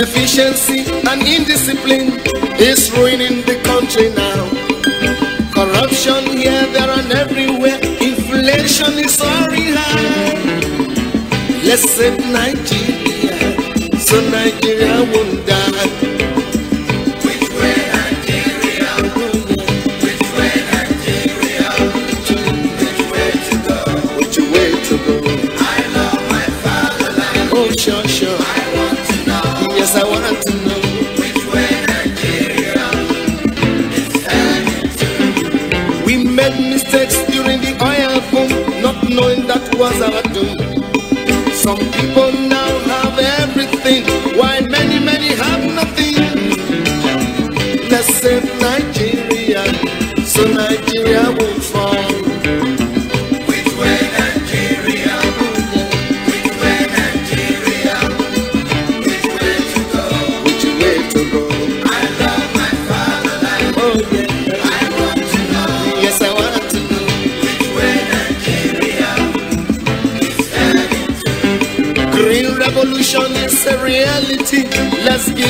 inefficiency and indiscipline is ruining the country now. Corruption here, there, and everywhere. Inflation is soaring high. Let's save Nigeria so Nigeria won't die. Some people now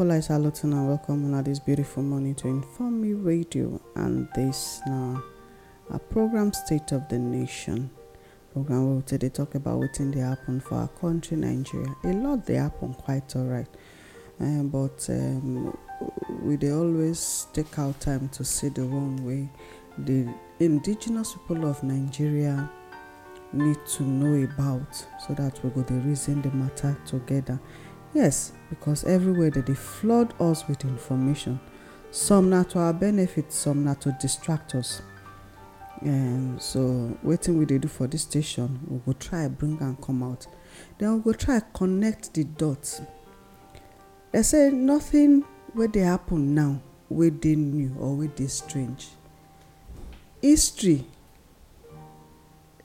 Pola is Aluton and welcome on this beautiful morning to Inform Me Radio and this now a program State of the Nation program where we today talk about what in the happen for our country Nigeria. A lot they happen quite alright, um, but um, we they always take our time to see the one way the indigenous people of Nigeria need to know about so that we go the reason the matter together. Yes, because everywhere that they flood us with information. Some na to our benefit, some na to distract us. And so wetin we they do for this station, we will try bring and come out. Then we will try connect the dots. They say nothing wey they happen now wey dey new or wey dey strange. History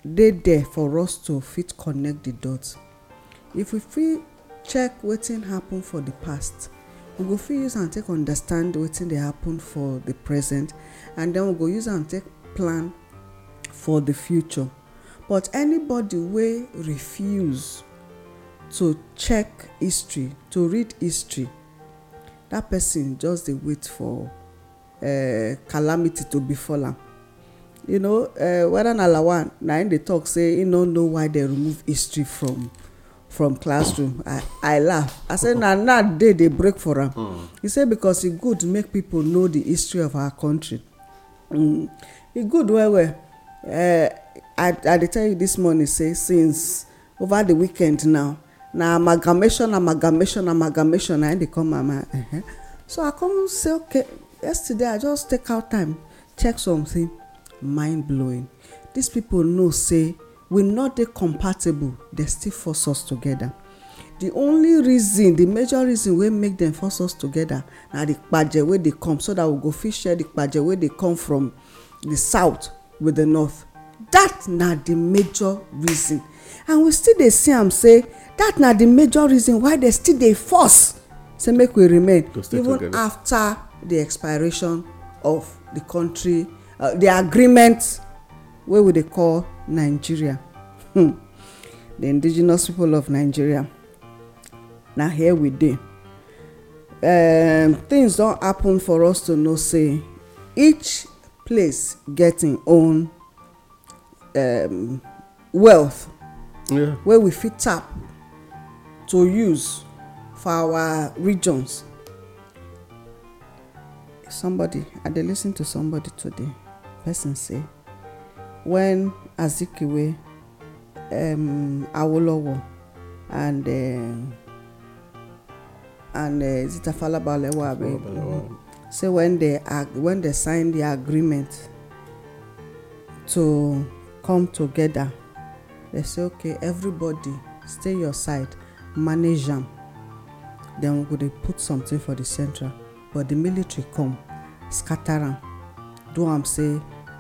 They there for us to fit connect the dots. If we fit check wetin happen for the past we go fit use am take understand wetin dey happen for the present and then we go use am take plan for the future but anybody wey refuse to check history to read history that person just dey wait for eh, calamity to befall am you know eh, whether na lawan na im dey talk say he no know why they remove history from from classroom i i laugh i say na now day dey break for am hmm. he say because e good make people know the history of our country mm. e good well well uh, i i dey tell you this morning say since over the weekend now na amalgamation amalgamation amalgamation na im dey come my mind uh -huh. so i come say okay yesterday i just take out time check something mind blowing these people know say we not dey compatible They still force us together the only reason the major reason wey make them force us together na the kpaje wey dey come so that we go fit share the kpaje wey dey come from the south with the north that na the major reason and we still dey see am say that na the major reason why they still dey force say make we remain even together. after the expiration of the country uh, the agreement wey we dey call nigeria hmm the indigenous people of nigeria na here we dey um, things don happen for us to know say each place get im own um, wealth yeah. wey we fit tap to use for our regions somebody i dey lis ten to somebody today person say when Azikiwe um, Awolowo and uh, and uh, is it Afalaba Mm-hmm. So when they ag- when they sign the agreement to come together, they say okay, everybody stay your side, manage am. Then we go dey put something for the central, but the military come scatter am, do am say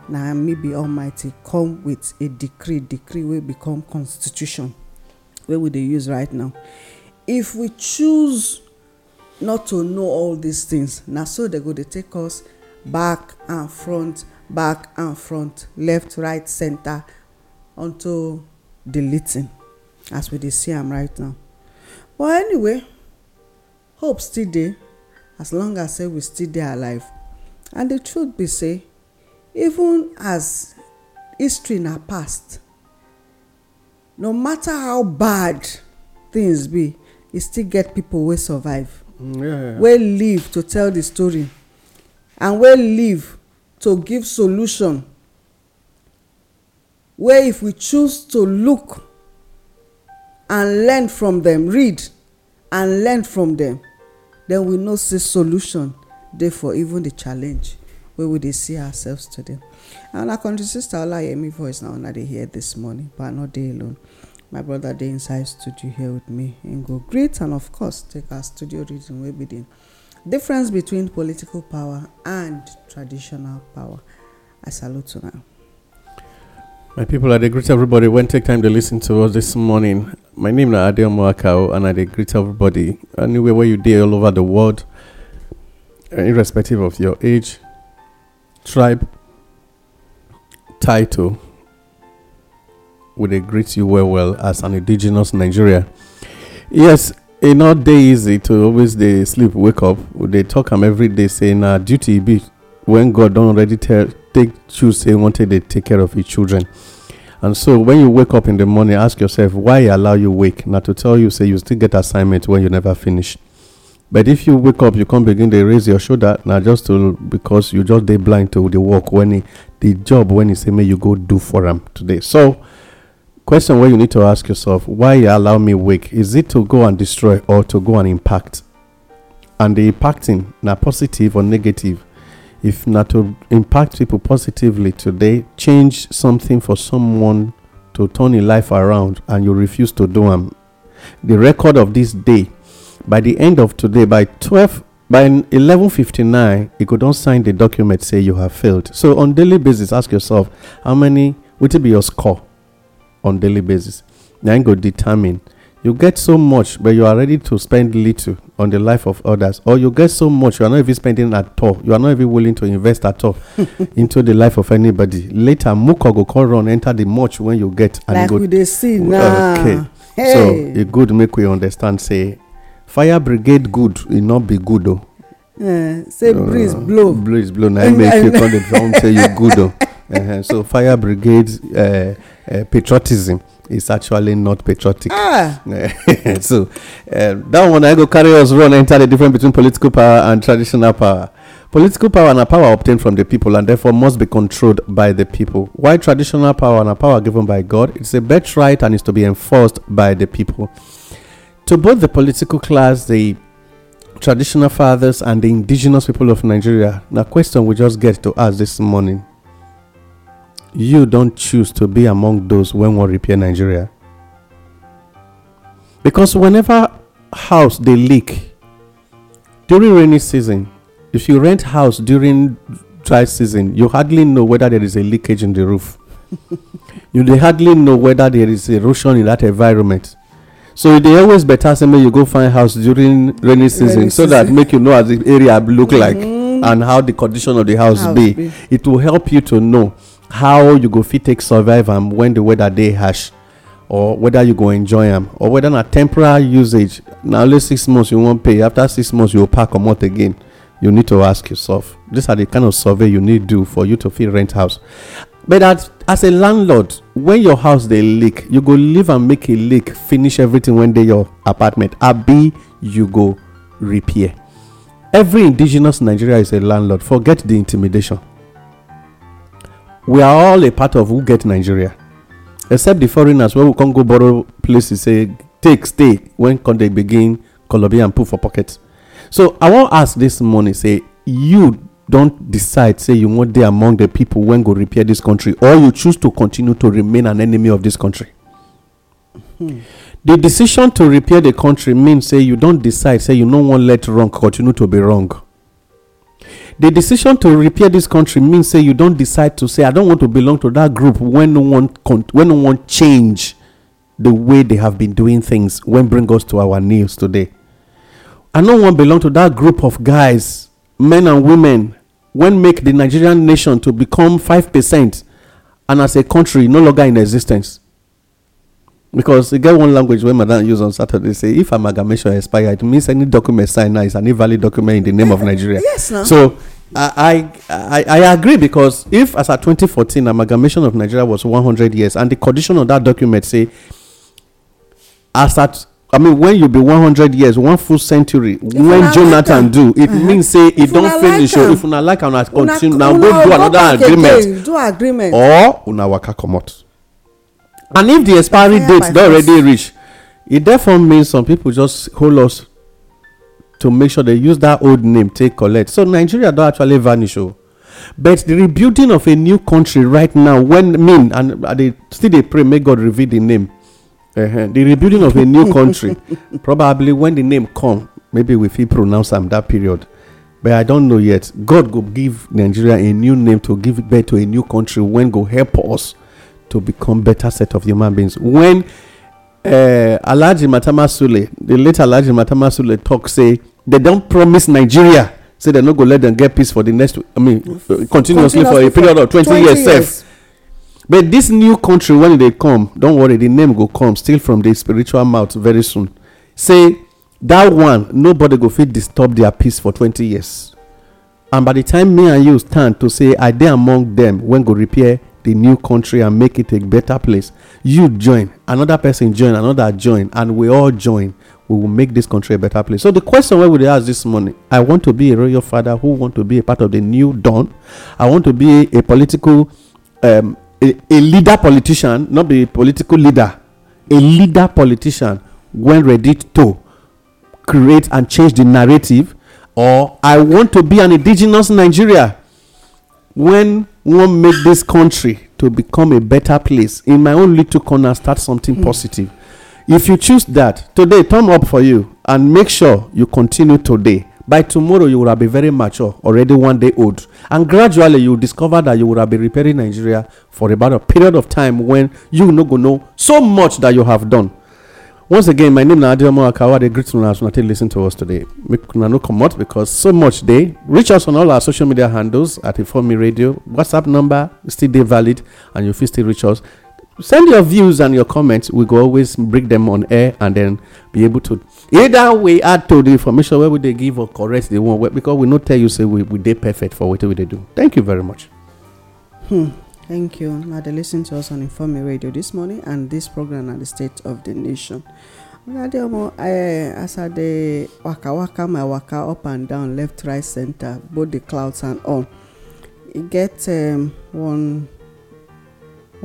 na maybe almighty come with a decree decree wey become constitution wey we dey use right now if we choose not to know all these things na so they go dey take us back and front back and front left right center, unto deleting as we dey see am right now but anyway hope still dey as long as say we still dey alive and the truth be say even as history na past no matter how bad things be e still get people wey survive mm, wey live to tell the story and wey live to give solution wey if we choose to look and learn from them, read and learn from them, then we know say solution dey for even the challenge Where we see ourselves today and our country sister olayemi voice now, una dey hear this morning but not day alone my brother dey inside studio here with me him go greet and of course take our studio reading we be difference between political power and traditional power i salute now. My people, I greet everybody when take time to listen to us this morning. My name is Adel Moakao, and I greet everybody anywhere where you dey all over the world, irrespective of your age, tribe title would they greet you well well as an indigenous nigeria yes in our day easy to always they sleep wake up they talk them every day saying, "Our ah, duty be when god don't already tell take choose say one day dey take care of his children and so when you wake up in the morning ask yourself why allow you wake now to tell you say you still get assignment when you never finish but if you wake up you come begin They raise your shoulder now just to because you just they blind to the work when the job when you say "May you go do for am today so question where you need to ask yourself why you allow me wake is it to go and destroy or to go and impact and the impacting now positive or negative if not to impact people positively today change something for someone to turn your life around and you refuse to do them, the record of this day by the end of today, by 12, by 11.59, you could not sign the document, say you have failed. So on daily basis, ask yourself, how many, would it be your score on daily basis? Then go determine. You get so much, but you are ready to spend little on the life of others. Or you get so much, you are not even spending at all. You are not even willing to invest at all into the life of anybody. Later, Muko go call run, enter the much when you get. And like go, we they see now. Okay. Hey. So, a good make we understand, say, fire brigade good e no be good o. Uh, say breeze blow. breeze blow na im make you come dey come say you good o. Uh-huh. so fire brigade uh, uh, patriotism is actually not patriotic. Ah. so uh, that one I go carry us run enter the difference between political power and traditional power. Political power and power obtained from the people and therefore must be controlled by the people. While traditional power and power given by God, it's a birthright and is to be enforced by the people to both the political class, the traditional fathers, and the indigenous people of Nigeria. The question we just get to us this morning you don't choose to be among those when we repair Nigeria. Because whenever house they leak during rainy season, if you rent house during dry season, you hardly know whether there is a leakage in the roof. you hardly know whether there is erosion in that environment. so e dey always better say make you go find house during rainy season so that make you know as the area look mm-hmm. like and how the condition of the house be it will help you to know how you go fit take survive am when the weather dey harsh or whether you go enjoy am or whether na temporary usage na only six months you wan pay after six months you go pack comot again you need to ask yourself these are the kind of survey you need do for you to fit rent house but as, as a landlord when your house dey leak you go leave am make e leak finish everything wey dey your apartment abi you go repair every indigenous nigeria is a landlord forget the intimidation we are all a part of who get nigeria except the foreigners wey we come go borrow places say take stay when come dey begin colobi and put for pocket so i wan ask this morning say you don't decide say you wan dey among the people wey go repair this country or you choose to continue to remain an enemy of this country hmm. The decision to repair the country means say you don't decide say you no wan let wrong continue to be wrong The decision to repair this country means say you don't decide to say i don't want to belong to that group when no one change the way they have been doing things when bring us to our news today i no wan belong to that group of guys men and women when make the nigerian nation to become 5% and as a country no longer in existence because e get one language wey madam use on saturday say if amalgamation expire it means any document signed now is an invalid document in the name of nigeria yes so I, I i agree because if as at 2014 amalgamation of nigeria was 100 years and the condition of that document say as at i mean when you be 100 years one full century when jonathan do it uh-huh. means say it don't finish o oh, if una like una continue now go do another agreement Do agreement or una waka comot and if the expiry date don already reach it. E therefore means some people just hold us to make sure they use that old name take collect so nigeria don't actually vanish Oh, but the rebuilding of a new country right now when mean and they still they pray may god reveal the name uh-huh. the rebuilding of a new country probably when the name come maybe we fit pronounce am that period but i don't know yet god go give nigeria a new name to give birth to a new country when go help us to become better set of human beings when uh, alhaji the late alhaji Matamasele, talk say they don't promise nigeria say they no go let them get peace for the next i mean continuously, continuously for a period of 20, 20 years Safe but this new country when they come, don't worry the name go come still from the spiritual mouth very soon say that one nobody go fit disturb their peace for 20 years and by the time me and you stand to say i dey among them when go repair the new country and make it a better place you join another person join another join and we all join we will make this country a better place so the question why we dey ask this morning i want to be a royal father who want to be a part of the new dawn i want to be a political um, a, leader politician not be political leader a leader politician when ready to create and change the narrative or i want to be an indigenous nigeria when one make this country to become a better place in my own little corner start something mm. positive if you choose that today turn up for you and make sure you continue today by tomorrow you will have been very mature already one day old and gradually you discover that you will have been repairing nigeria for about a period of time when you no go know so much that you have done once again my name na adeomo akawa dey greet una as una take listen to us today make una no comot because so much dey reach us on all our social media handles at informe radio whatsapp number still dey valid and you fit still reach us send your views and your comments. We go always bring them on air and then be able to either we add to the information where would they give or correct the one because we not tell you say we we they perfect for whatever they do. Thank you very much. Hmm. Thank you. Now they listen to us on Informe Radio this morning and this program at the State of the Nation. I eh, as I dey waka waka my waka up and down left right center both the clouds and all. E get um, one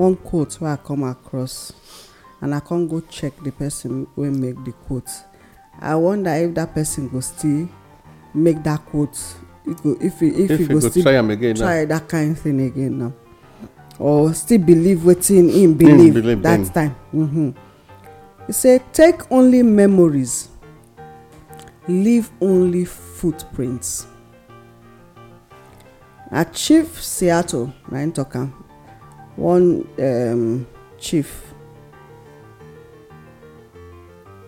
one quote wey i come across and i come go check the person wey make the quote i wonder if that person go still make that quote if go if he if, if he go, go still try try that kind thing again now or still believe wetin him believe, believe that then. time mm-hmm. he say take only memories leave only footprints Chief seattle na him talk am one um, chief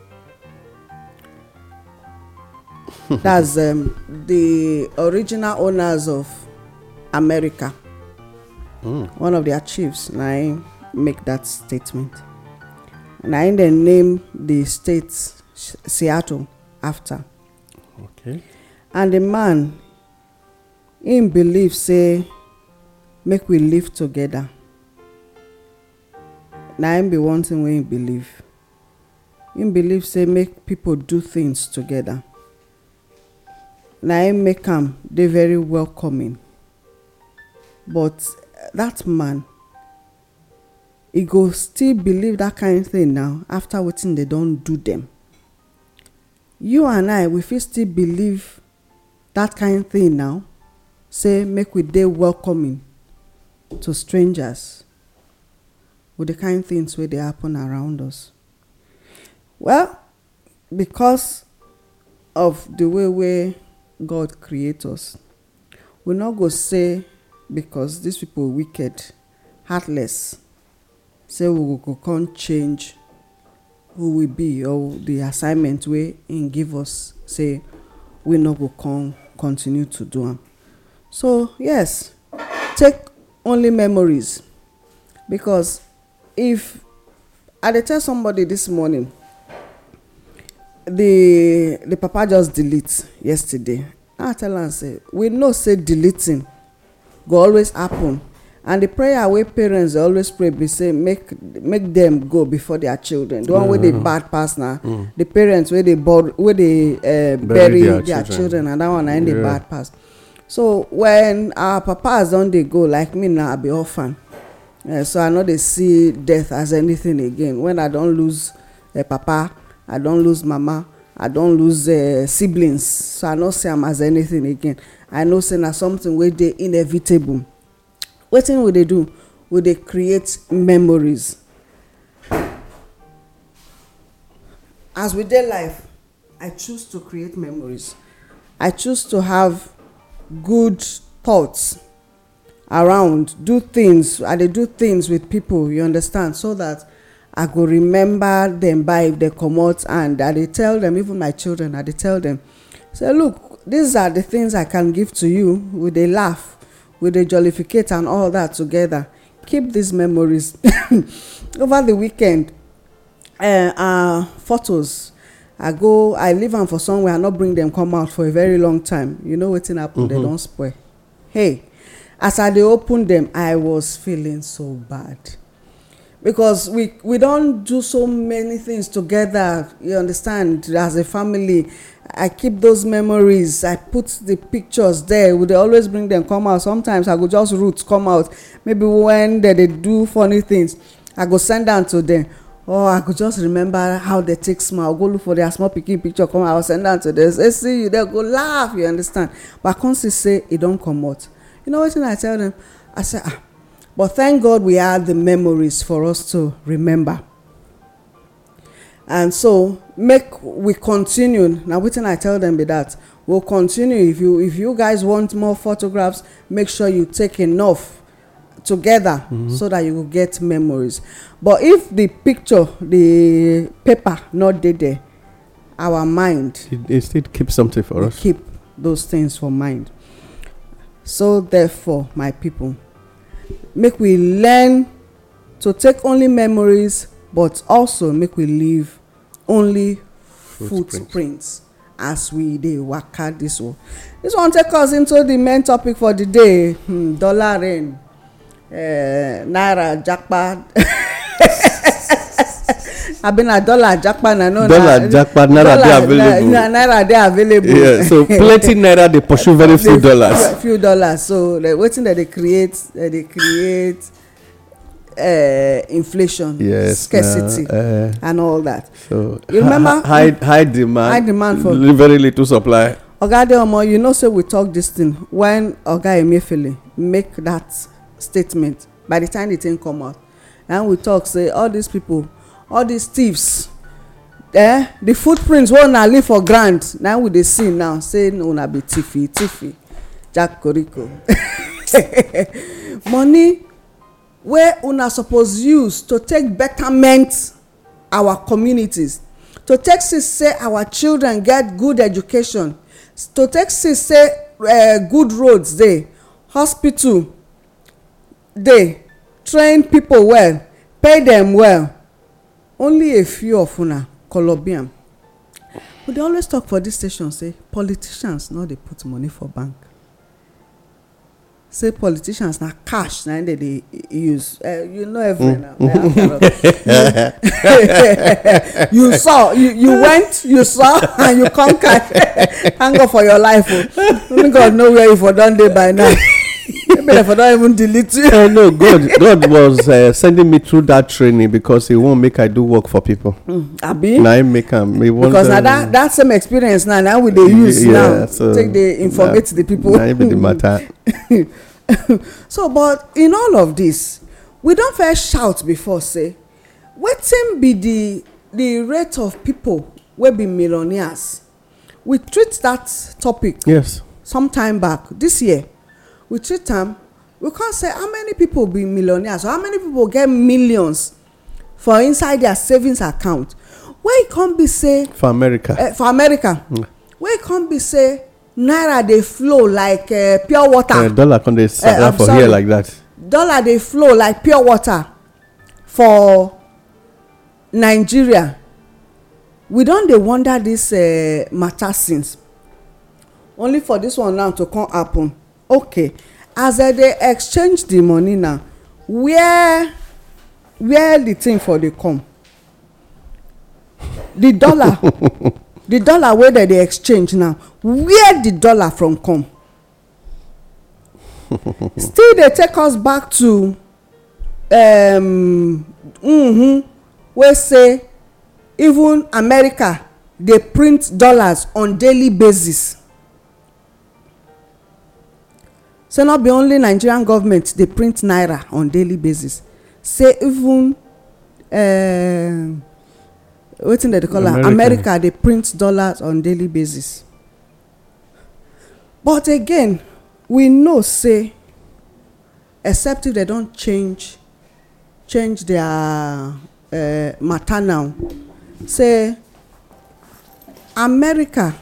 that's um, the original owners of america mm. one of their chiefs na him make that statement na him dem name the state seattle after okay. and the man him believe say make we live together na im be one thing wey im believe im believe say make people do things together na im make am dey very welcoming but that man he go still believe that kind thing now after wetin they don do them. you and i we fit still believe that kind thing now say make we dey welcoming to strangers with the kind things where they happen around us? Well, because of the way where God creates us, we not go say because these people wicked, heartless, say we go come change who we be or the assignment wey him give us say we not go come continue to do them. so yes take only memories because if i dey tell somebody this morning the the papa just delete yesterday i tell am say we know say deleting go always happen and the prayer wey parents dey always pray be say make make dem go before their children the one wey dey mm. bad pass na mm. the parents wey dey eh, bury their children and that one na im dey bad pass so when our papas don dey go like me now i be orphan Eh, so i no dey see death as anything again when i don't lose a eh, papa i don't lose mama i don't lose eh, siblings so i no see them as anything again i know say na something wey they inevitable What thing will they do Will they create memories as with their life i choose to create memories i choose to have good thoughts around do things i dey do things with people you understand so that i go remember them by if dem comot and i dey tell them, even my children i dey tell them, say look these are the things i can give to you we dey laugh we dey jollificate and all that together keep these memories over the weekend uh, photos i go i leave am for somewhere i no bring them, come out for a very long time you know wetin mm -hmm. dem don spoil hey as i dey open dem i was feeling so bad because we we don do so many things together you understand as a family i keep those memories i put the pictures there we dey always bring them come out sometimes i go just root come out maybe when they dey do funny things i go send am to them. or i go just remember how they take smile go look for their small pikin picture come out I send am to dem say see you They go laugh you understand but i come see say e don comot You know what I tell them? I say, ah, but thank God we had the memories for us to remember. And so make we continue. Now waiting I tell them be that we'll continue. If you if you guys want more photographs, make sure you take enough together mm -hmm. so that you will get memories. But if the picture, the paper not there, there our mind it, it still keeps something for us. Keep those things for mind. so therefore my people make we learn to take only memories but also make we leave only footprints as we dey waka this world. this one take us into the main topic for the day hmm, dollar rain uh, naira japa abina dollar japa na no dollar japa naira dey available naira dey available yeah so plenty naira dey pursue very few dollars few dollars so like wetin dem dey create dem dey create uh, inflation, yes, scarcity, uh, and all that. So you remember high high demand, high demand for very little supply. Oga Adeomo, you know, say we talk this thing when Oga Emefiele make that statement. By the time the thing come out, and we talk say all these people all these thieves eh the footprints wey una leave for ground na we dey see now say una be tiffy tiffy jack koriko money wey una suppose use to take betterment our communities to take see say our children get good education to take see say eh, good roads dey hospital dey train people well pay dem well only a few of una colombian we dey always talk for dis station say politicians no dey put money for bank say politicians na cash na im dem dey use eh, you know every mm. now you saw you you went you saw and you come cash thank god for your life o oh. only god know where you for don dey by now maybe i for don even delete you Uh, no god god was eh, sending me through that training because he won't make i do work for people. abi hmm, now him make Him. Um, he because na um, that that same experience now now we dey use now take dey informate the people. na even the matter so but in all of this we don't first shout before say What wetin be the the rate of people will be millionaires we treat that topic yes some time back this year we treat am we come say how many people be millionaires or how many people get millions for inside their savings account wey e come be say for america eh, for america mm. wey e come be say naira dey flow like eh, pure water eh, dollar come dey sell for here like that. dollar dey flow like pure water for nigeria we don dey wonder dis matter since only for this one now to come happen okay as i dey exchange the money now where where the thing for dey come the dollar the dollar wey dem dey exchange now where the dollar from come still dey take us back to um, mm-hmm, wey say even america dey print dollars on daily basis say not be only nigerian government dey print naira on daily basis say even um, wetin dem dey call am america dey print dollars on daily basis but again we know say except if dem don change change their uh, matter now say america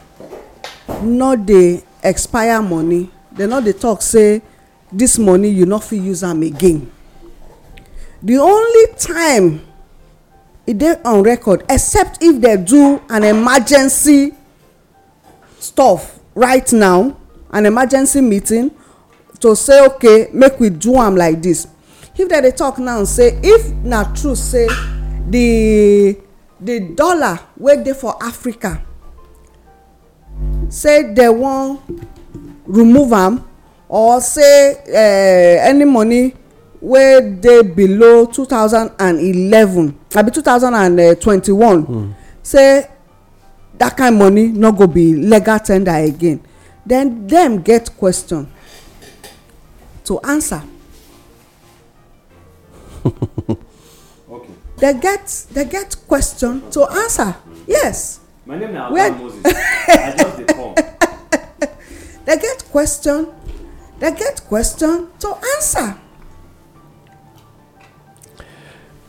no dey expire money dem no dey talk say this money you no fit use am again the only time e dey on record except if dem do an emergency stuff right now an emergency meeting to say okay make we do am like this if dem dey talk now say if na true say the the dollar wey dey for africa say dem wan remove am or say eh, any money wey dey below two two thousand and eleven. Eh, thousand and twenty-one. Hmm. say dat kain money no go be legal tender again Then dem get question to answer they get they get question to answer yes my name na moses they get question they get question to answer.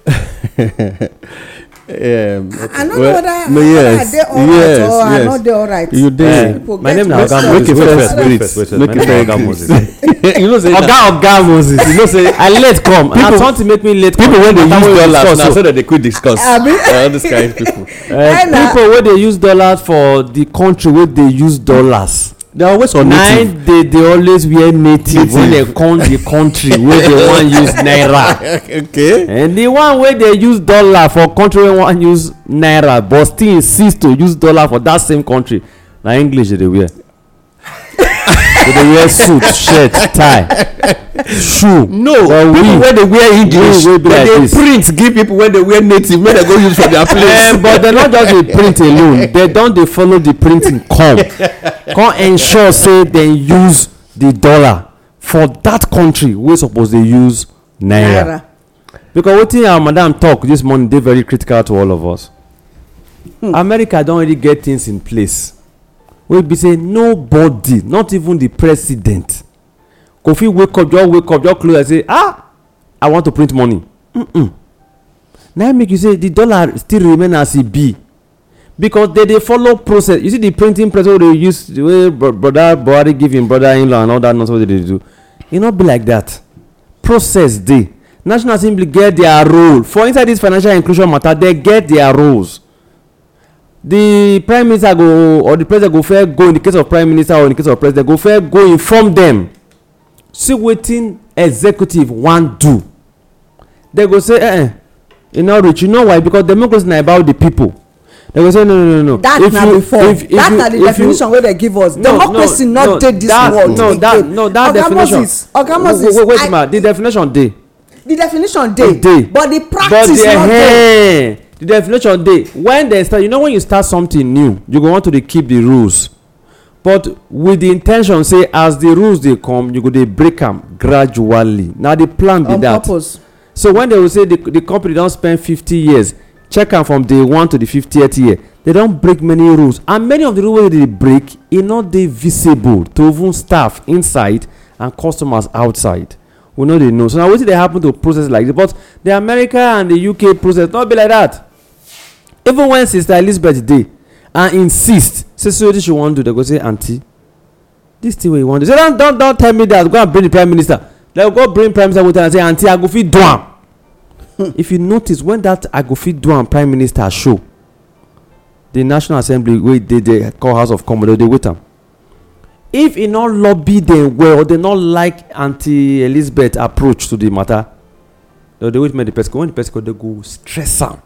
um, okay. I no know whether no, yes, I dey alright yes, or yes. I no dey alright. You dey. my name na Oga Moses. Make it first, wait first, wait first. Make it Oga Moses. you know say Oga Oga Moses. You know say I late come. People, and something make me late. People wey dey use dollars na so that they quick discuss. Abi. All this kind of people. Eh, people wey dey use dollars for the country wey dey use dollars they always on native nine dey dey always wear native when dem come the country wey dem wan use naira okay and the one wey dey use dollar for country wey wan use naira but still insist to use dollar for that same country na english dey wear they dey wear suit shirt tie shoe no people wey dey wear english wey dey like print give people wey dey wear native make dem go use for their eh, place but dem no just dey print alone dem don dey follow the printing come come ensure say dem use the dollar for that country wey suppose dey use naira because wetin our madam talk this morning dey very critical to all of us hmm. america don already get things in place wey be say nobody not even the president go fit wake up just wake up just close eye say ah i want to print money na im make you say the dollar still remain as e be because they dey follow process you see the printing press wey dey use the way brother buhari give him brother in-law and all that nonsense wey dey do e no be like that process dey national assembly get their role for inside this financial inclusion matter they get their roles The prime minister go or the president go fair go in the case of prime minister or in the case of president go fair go inform them. see wetin executive wan do They go say eh eh e no reach you know why because democracy na about the people. They go say no no no no that if na you, before if, if that you, na the definition you, wey dem give us no, democracy no, no this that, world no, that, no that oga moses oga moses wait, wait, wait I, ma the definition dey the definition dey but the practice but the, no eh, dey. Eh, eh the definition dey when they start you know when you start something new you go want to dey keep the rules but with the intention say as the rules dey come you go dey break am gradually na the plan be that purpose so when dem say the company don spend 50 years check am from day one to the 50th year they don break many rules and many of the rules wey they dey break e no dey visible to even staff inside and customers outside we no dey know so na wetin dey happen to process like this but the america and the uk process no be like that even when sister elizabeth dey and insist say say wetin she wan do dem go say aunty This thing wey you wan do say don don don tell me that go and bring the prime minister dem go bring prime minister with tell and say aunty i go fit do am hmm. if you notice when that i go fit do am prime minister show the national assembly wey dey there call house of commons dey wait am if e no lobby dem well or dem no like aunty elizabeth approach to the matter dem dey wait make the person go when the person go dey go stress am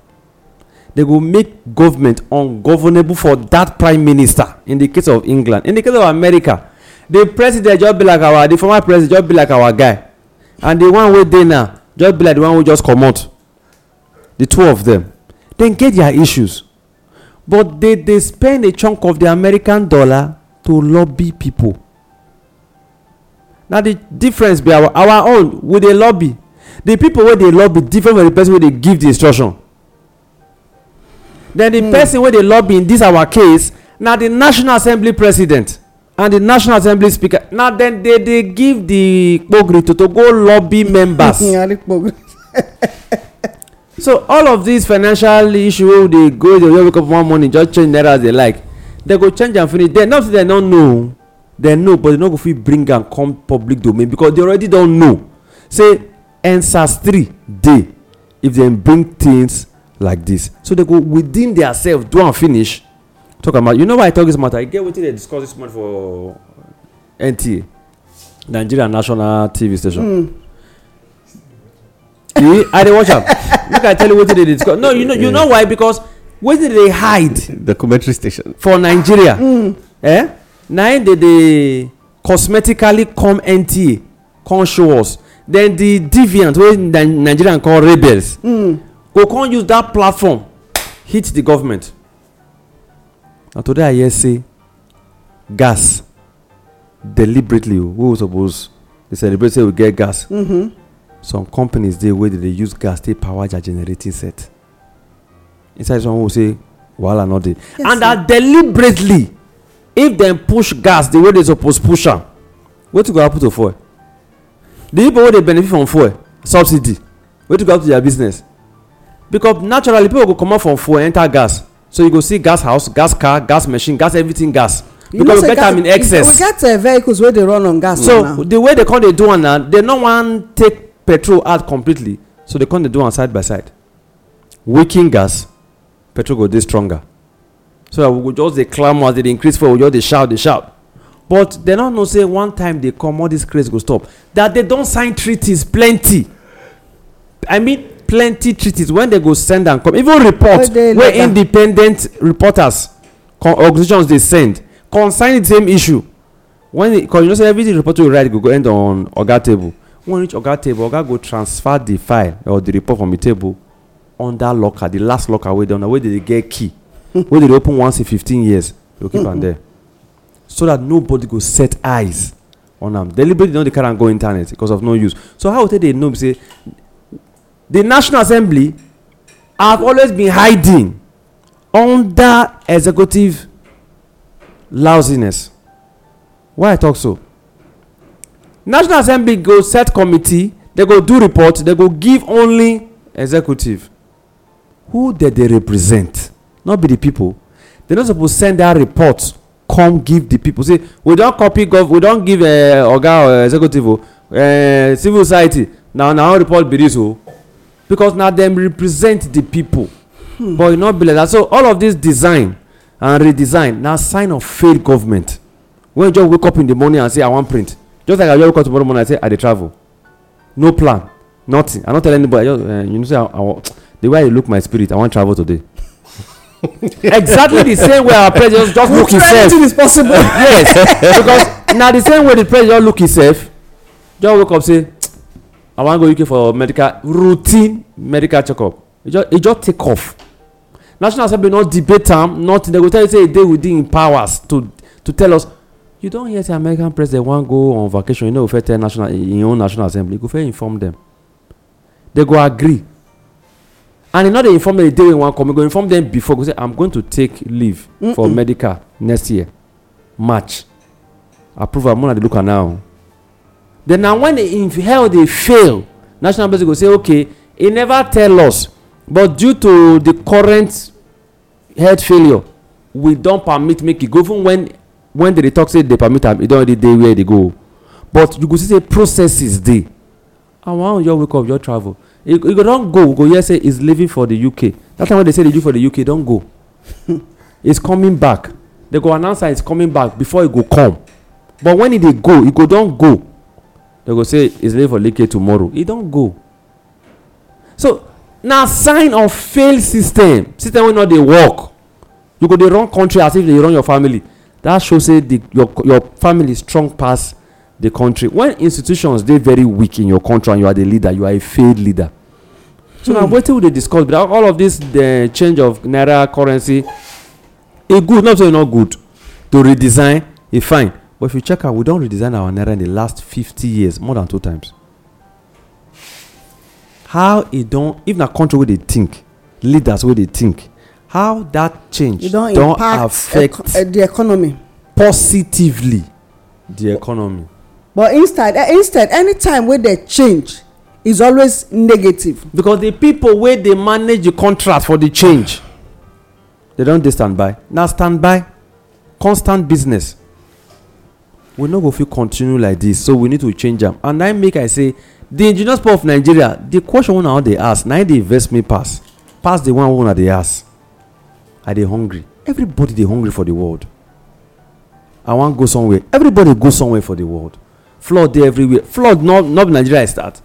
they go make government ungovernable for that prime minister in the case of england in the case of america the president just be like our the former president just be like our guy and the one wey dey now just be like the one wey just comot the two of them dem get their issues but they dey spend a chunk of the american dollar to lobby people na the difference be our our own we dey lobby the people wey dey lobby different from the person wey dey give the instruction then di hmm. person wey dey lobby in this our case na the national assembly president and the national assembly speaker na dem dey dey give the kpogri to go lobby members so all of these financial issue wey we dey go dey wake up one morning just change naira as they like dem go change am finish dem not say dem no know dem know but dem no go fit bring am come public domain because dem already don know say ensas three dey if dem bring things like this, so they go within dia self do am finish talk about you know why i talk this matter I get wetin dem discuss this morning for nta nigeria national tv station hmm. i dey watch am make i tell you wetin dem dey discuss no you know you know why because wetin dey hide documentary station for nigeria hmm. eh na im dey dey cosmetically come nta come show us then the deviant wey nigerian call rebels hmm go come use that platform hit the government na today i hear say gas deliberately wey we suppose dey celebrate say we get gas mm-hmm. some companies dey wey dey use gas take power their generating set inside this one wey say wahala no dey and that deliberately if dem push gas the way they suppose push am wetin go happen to fuel the people wey dey benefit from fuel subsidy wetin go happen to their business because naturally people go comot from fuel enter gas so you go see gas house gas car gas machine gas everything gas because we get am in excess we get uh, vehicles wey dey run on gas so the way they come dey do am na they no wan take petrol out completely so they come dey do am side by side weaken gas petrol go dey stronger so we go just dey clamour as dey increase fuel we just dey shout dey shout but they no know say one time they come all this craze go stop that they don sign treaties plenty i mean plenty treaties when they go send am come even report wey independent reporters organizations dey send concerning the same issue when e you know say everything report wey you write go go end on oga table when reach oga table oga go transfer the file or the report from the table under locker the last locker wey dey wey dey get key wey dey open once in fifteen years go keep am there so that nobody go set eyes on am deliberately no dey carry am go internet because of no use so how we take dey know be say the national assembly have always been hiding under executive lousiness why i talk so national assembly go set committee they go do report they go give only executive who dey dey represent not be the people they no suppose send that report come give the people say we don copy gov we don give eh, oga eh, executive o oh, eh, civil society na na one report be this o oh because na dem represent di pipo but e no be like that so all of dis design and redesign na sign of failed government when you just wake up in the morning and say i wan print just like i just wake up tomorrow morning and say i dey travel no plan nothing i no tell anybody i just eh, you know say i the way i look my spirit i wan travel today exactly the same way our president just look himself is possible yes because na the same way the president just look himself just wake up say I wan go UK for medical routine medical checkup. E just e just take off. National Assembly no debate am nothing. Dem go tell you say e dey within im powers to to tell us you don hear say American president wan go on vacation. E no go fit tell national im e own National Assembly. E go fit inform dem. Dey go agree. and e no dey inform dem the day wey e wan come e go inform dem before go say i'm going to take leave mm -mm. for medical next year march approval mona dey look am now then na when they hell dey fail national police go say okay e never tell us but due to the current health failure we don permit make e go even when when they dey talk say dey permit am e don already dey where e dey go but you go see say processes dey and one your wake up your travel You e, e go don go go hear say he's leaving for the uk that time when they say they do for the uk e don go he's coming back they go announce that he's coming back before he go come but when he dey go he go don go They go say he's leaving for like tomorrow He don go so na sign of failed system system wey no dey work you go dey run country as if you dey run your family that show say your your family strong pass the country when institutions dey very weak in your country and you are the leader you are a failed leader so na hmm. wetin we dey discuss but all of this the change of naira currency e good not say e no good to redesign e fine but if you check out we don't redesign our naira in the last 50 years more than two times how it e don't even a country where they think leaders where they think how that change e don't affect eh, the economy positively the economy but instead eh, instead anytime where they change is always negative because the people where they manage the contract for the change they don't stand by now. Stand by constant business we no go fit continue like this, so we need to change am and na make i say the indigenous people of nigeria the question wey i dey ask na im dey vex me pass pass the one wey i dey ask i dey hungry everybody dey hungry for the world i wan go somewhere everybody go somewhere for the world flood dey everywhere flood not be nigeria start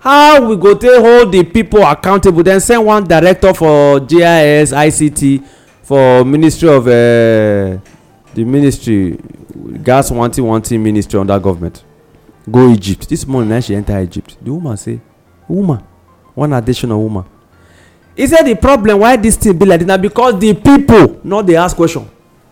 how we go take hold the people accountable Then send one director for gis ict for ministry of eh, the ministry gas wanting wanting ministry under government go egypt this morning na she enter egypt the woman say woman one additional woman he say the problem why this thing be like this na because the people no dey ask question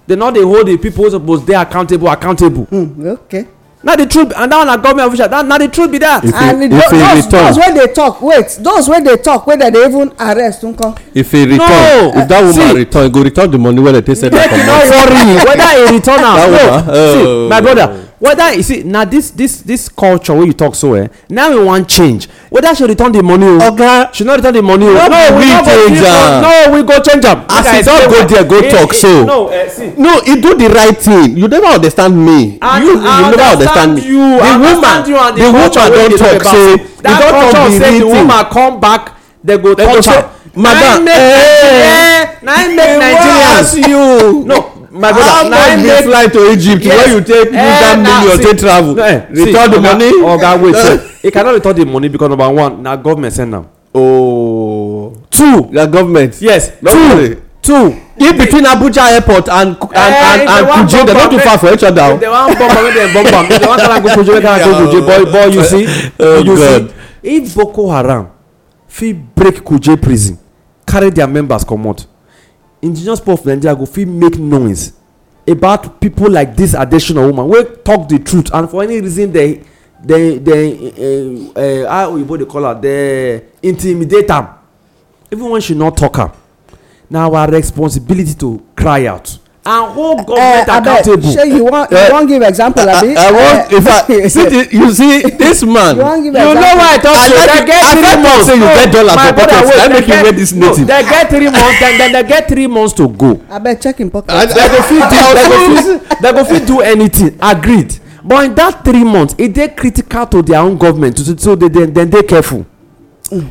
they no dey hold the people wey suppose dey accountable accountable. Mm, okay na the truth and that one na government official that na the truth be that. if he and if he those, return those wey dey talk wait those wey dey talk wey dem dey even arrest nko. if he return no, if that woman see, return he go return the money wey dem take send am for money. make you no worry whether he return am no uh, see my oh. brother whether you see na this this this culture wey you talk so eh now we wan change whether she return the money o oga she no return the money o no we go change am no we go change am as e don go there go talk so no eh, No, he do the right thing you never understand me you you never understand me the woman the woman don talk so. e don talk the real thing say the woman come back They go touch am madam na im make nigeria no my brother nine day fly to egypt yes. where you take use eh, that money take travel eh, return the money. oga wait sef he cannot return the money because number one na government send am. Oh, two na government. yes two two in between abuja airport and and eh, and and kuje dem no too far for each other o. dem wan bomb am make dem bomb am dem wan carry go kuje make carry go kuje but but you oh, see you see if boko haram fit break kuje prison carry their members comot indigenous people of nigeria go fit make noise about people like this additional woman wey talk the truth and for any reason dem dem dem how oyibo dey call her dem intimidate am even when she no talk am na our responsibility to cry out and whole eh, government uh, accountable. shey you wan you eh, wan give example abi. i wan in fact see the, you see this man. you wan give example. you know why i talk to you. i get three months. say you get dollar for pocket na make you wear this native. they get three months then, then they get three months to go. abeg check im pocket. they go fit do they go fit they go fit do anything agreed but in that three months e dey critical to their own government so so they dem dem dey careful.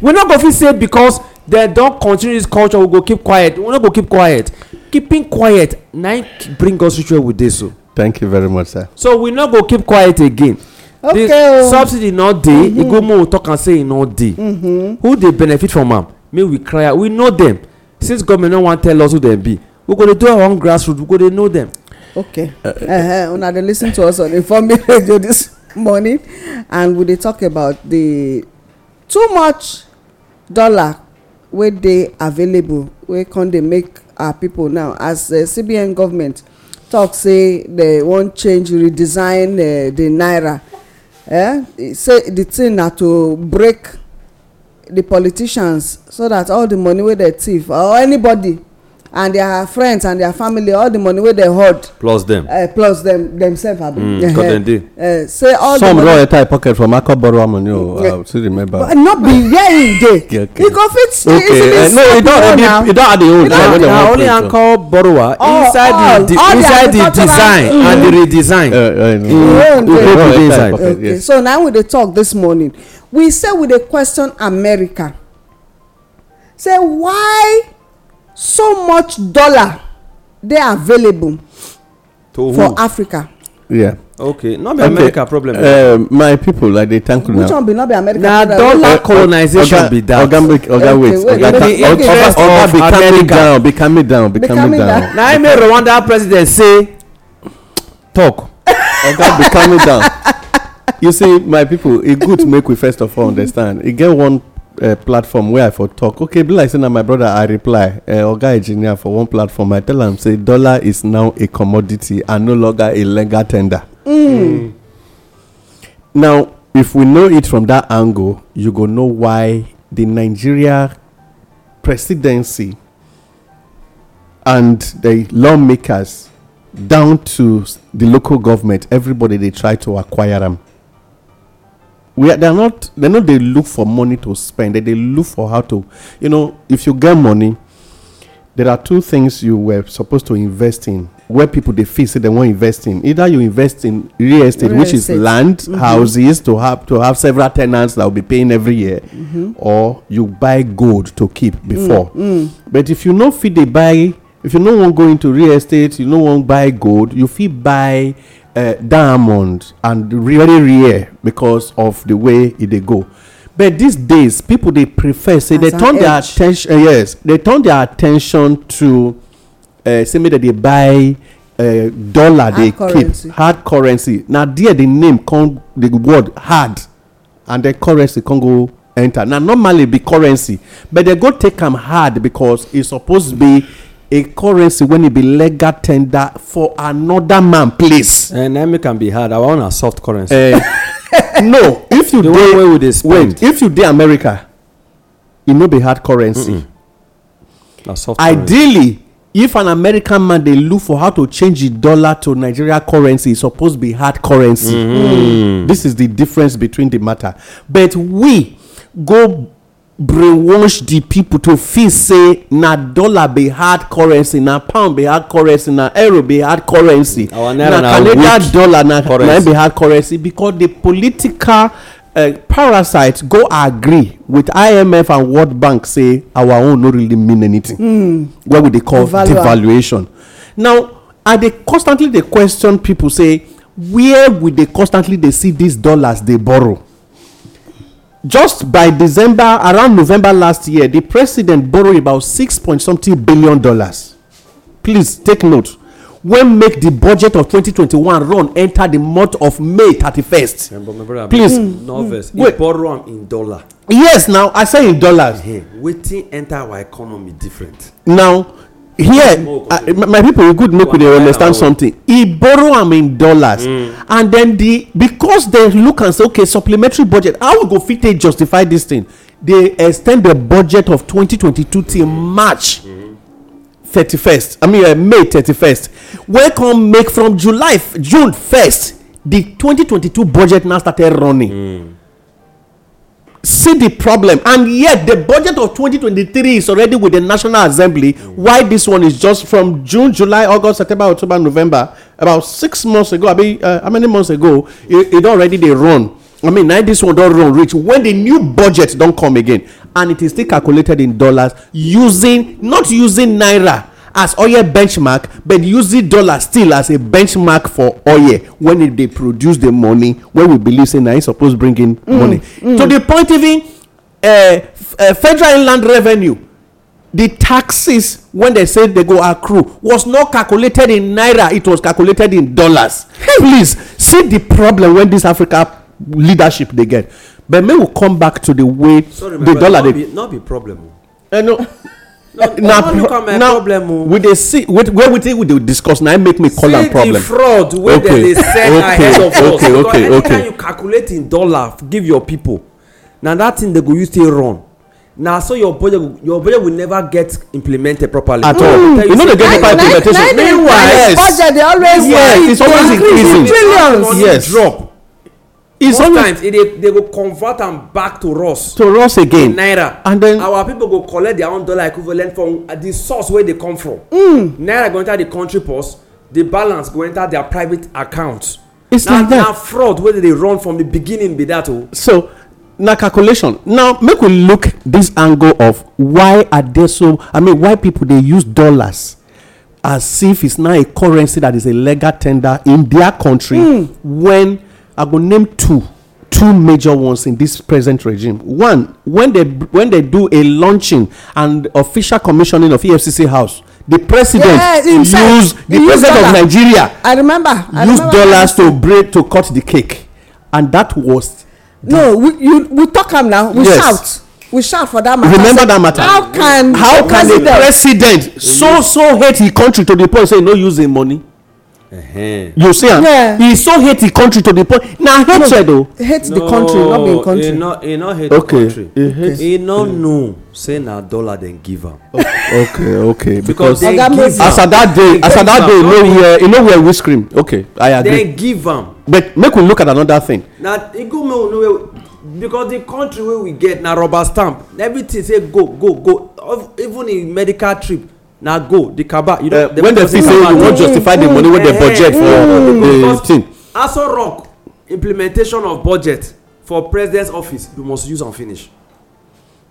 we no go fit say because dem don continue this culture we go keep quiet we no go keep quiet keeping quiet na bring us ritual with this o. Oh. thank you very much sir. so we no go keep quiet again. okay the oh. subsidy no dey e go more talk am say e no dey. Mm-hmm. who dey benefit from am make we cry out we know dem since government no wan tell us who dem be we go dey do our own grassroots we go dey know dem. okay uh, uh-huh. una dey lis ten to us on informe radio this morning and we dey talk about the too much dollar wey dey available wey come dey make our people now as the uh, cbn government talk say they wan change redesign uh, the naira eh say the thing na to break the politicians so that all the money wey they thief or anybody and their friends and their family all the money wey dem hold plus dem eh, plus dem demsef abi because mm, dem dey eh, say all the money some don enter im pocket from akọ borrow money o oh, i still remember but not be where im dey e go fit okay eh, no e don already e don add im own time wey dem wan only anchor borrower oh, oh, inside the inside the design and the mm. Mm. redesign im own dey inside okay so na we dey talk this morning we say we dey question america say why so much dollar dey available for africa yeah okay not be america problem Uh, my people i dey thank you now which one be not be america na dollar uh, uh, colonization be that oga wait oga wait oga be calming down be calming down be calming down na im make rwanda president say talk oga be calming down you see my people e good make we first of all understand e get one Eh, platform wey i for talk okay be like say na my brother i reply eh, oga engineer for one platform i tell am say dollar is now a commodity and no longer a legal tender Mm. now if we know it from that angle you go know why the nigeria presidency and the lawmakers down to the local government everybody dey try to acquire am we are, they are not they know they look for money to spend they, they look for how to you know if you get money there are two things you were supposed to invest in where people they feel say they want invest in either you invest in real estate real which estate. is land mm-hmm. houses to have to have several tenants that will be paying every year mm-hmm. or you buy gold to keep mm, before mm-hmm. but if you know fit they buy if you no wan go into real estate you no wan buy gold you fit buy Uh, diamond and really rare because of the way e dey go but these days people dey prefer say they turn their attention uh, yes they turn their attention to uh, say make they dey buy uh, dollar dey keep hard currency na there the name come the word hard and the currency come go enter na normally be currency but they go take am hard because e suppose be a currency when it be legal tender for another man place. Uh, eh, naira can be hard. I want a soft currency. Uh, no, if you the day, one way we Wait, if you dey America, e no be hard currency. Mm -mm. Na soft currency. Ideally, if an American man dey look for how to change the dollar to Nigeria currency, e suppose be hard currency. Mm -hmm. Mm. This is the difference between the matter. But we go brainwash the people to feel say na dollar be hard currency na pound be hard currency na euro be hard currency na canadian dollar na be hard currency because the political eh, parasites go agree with imf and world bank say our own no really mean anything hmm. wey we dey call devaluation now i dey constantly dey question people say where we dey constantly dey see these dollars dey borrow just by December, around November last year, the president borrowed about six point something billion dollars. Please take note. When make the budget of twenty twenty one run enter the month of May thirty first. Please. Mm, nervous. wait. Borrow in dollar. Yes, now I say in dollars. Hey, waiting enter our economy different. Now, here uh, my people e good make we dey understand something He borrow am in dollars mm. and then the because they look and say okay supplementary budget how we go fit take justify this thing dey extend the budget of 2022 till march 31st i mean uh, may 31st wey come make from july june 1st di 2022 budget now started running mm see the problem and yet the budget of 2023 is already with the national assembly why this one is just from june july august september october november about six months ago i mean uh, how many months ago it, it already they run i mean now this one don run reach when the new budget don't come again and it is still calculated in dollars using not using naira as oil benchmark but using dollar still as a benchmark for oil when e dey produce the money wey we believe say na e suppose bring in mm, money mm. to the point even eh, eh, federal inland revenue the taxes when they say they go accrue was not calculated in naira it was calculated in dollars please see the problem when this africa leadership dey get but may we come back to the way the dollar dey sorry my brother not be problem oh. eh, no na problem oh. we dey see where we we dey discuss na make me call am problem see di fraud wey dem dey sell ahead of us because anytime you calculate in dollar give your people na that thing dem go use take run na so your budget your budget will never get implemented properly. at all you no dey get proper implementation meanwhile yes budget dey always yes it's always increasing trillions yes drop it's most times e dey they go convert am back to us. to us again naira and then our people go collect their own dollar equivalent from uh, the source wey they come from. Mm. naira go enter the country purse the balance go enter their private account. it's na, like that na fraud wey dey run from the beginning be that o. Oh. so na calculation now make we look this angle of why are they so i mean why people dey use dollars as if it's now a currency that is a legal tender in their country mm. when i go name two two major ones in this present regime one when they when they do a launching and official commissioning of efcc house the president yes, use the use president of nigeria i remember I use dollars to break to cut the cake and that was. no we you, we talk him now we yes. shout we shout for that matter. remember that matter how can how can president? a president so so hate him country to the point say no using money you see am ah, he so hate the country to the point na hatred o oh. hate the country not being country no He no hate di country e no know say na dollar then give am okay okay because as at that day as at dat day e no wear whisk cream okay i agree dem give am but make we look at another thing Now, because the country where we get na rubber stamp everything say go go go even in medical trip na go the kaba you know. Uh, when dem see say you wan justify the money wey dem budget for the thing. aso rock implementation of budget for president's office you must use am finish.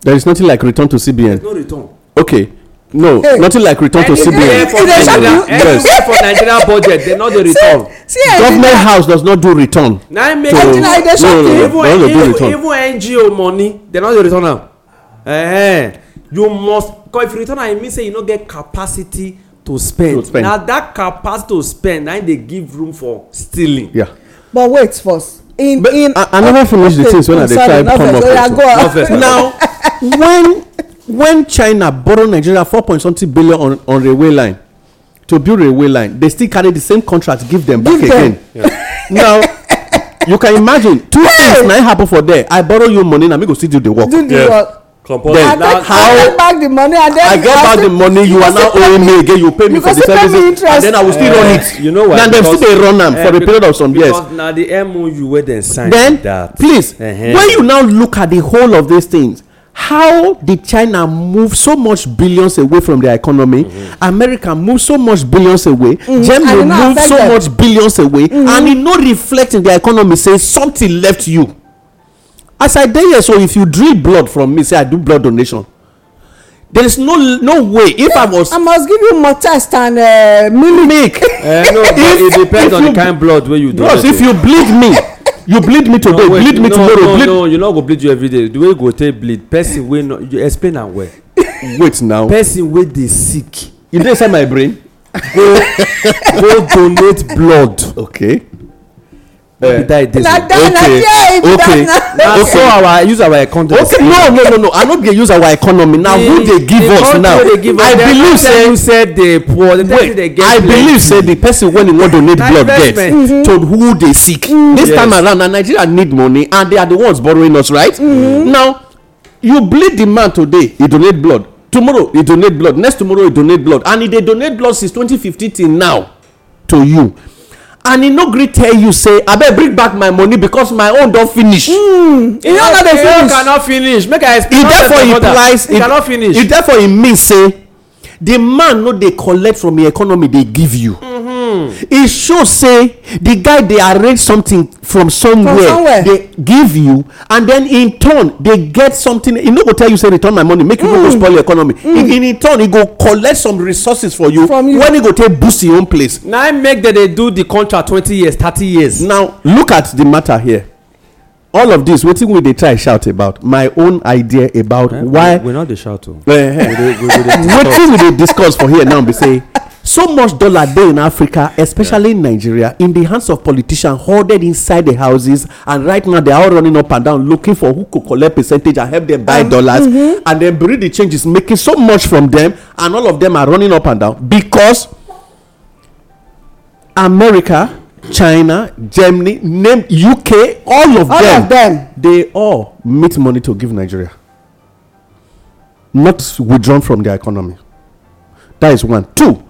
there is nothing like return to cbn. there is no return. okay no hey. nothing like return to cbn. anywhere for nigeria anywhere for nigeria budget dem no dey return. See, see, government house does not do return. na make to no no no no even ngo money dem no dey return am you must cause if you return am e mean say you no get capacity to spend, to spend. na that capacity to spend na im dey give room for stealing. Yeah. but wait first in but in i, I never uh, finish the things when i dey try come up oh, with it now when when china borrow nigeria four point something billion on on railway line to build railway line they still carry the same contract give them give back them. again yeah. now you can imagine two hey. things na happen for there i borrow you money na me go still do the work. do the yeah. work compulsory yeah, now how i get back the money and then i get back the money you are now owing me again you pay me for the services and then i will still run eh, it you know why Now dem still dey run am for a eh, period of some years because na the mou wey dem sign then please when you now look at the whole of these things how did china move so much billions away from their economy mm-hmm. america move so much billions away mm-hmm. germany move so much billions away mm-hmm. and e no reflect in their economy say something left you as i dey here so if you drink blood from me say i do blood donation there is no no way if i was, i must give you more test and uh, milk uh, no but it depends on the kind blood wey you donate bros if you bleed me you bleed me today bleed me tomorrow bleed no no you no go bleed you day the way you go take bleed person wey no you explain am well wait now person wey dey sick you dey inside my brain go go donate blood okay yeah. Eh. be die this na die okay. na okay. Eh, so our use our economy okay no no no no i no dey use our economy now who dey give us now i believe say who say the poor the wait i believe say the person wey wan donate blood get mm -hmm. to mm-hmm. who dey sick mm -hmm. this yes. time around na nigeria need money and they are the ones borrowing us right mm -hmm. now you bleed the man today he donate blood tomorrow he donate blood next tomorrow he donate blood and he dey donate blood since 2015 till now to you and he no gree tell you say abeg bring back my money because my own don finish hmmm e no dey finish e cannot finish make i explain e therefore e mean say the man no dey collect from e economy dey give you hmm e hmm. show say the guy dey arrange something from somewhere They give you and then in turn they get something e no go tell you say return my money make you no go hmm. spoil your economy hmm. in in turn he go collect some resources for you when he go take boost your own place na im make dem dey do di contract twenty years thirty years now look at di matter here all of this wetin we dey try shout about my own idea about eh, why we not dey shout o eh, eh. wetin we dey discuss for here now be say so much dollar dey in africa especially yeah. in nigeria in the hands of politicians hoarded inside the houses and right now they are all running up and down looking for who could collect percentage and help them buy um, dollars mm-hmm. and then bring the changes making so much from them and all of them are running up and down because america china germany name uk all of all them of them they all meet money to give nigeria not withdrawn from their economy that is one two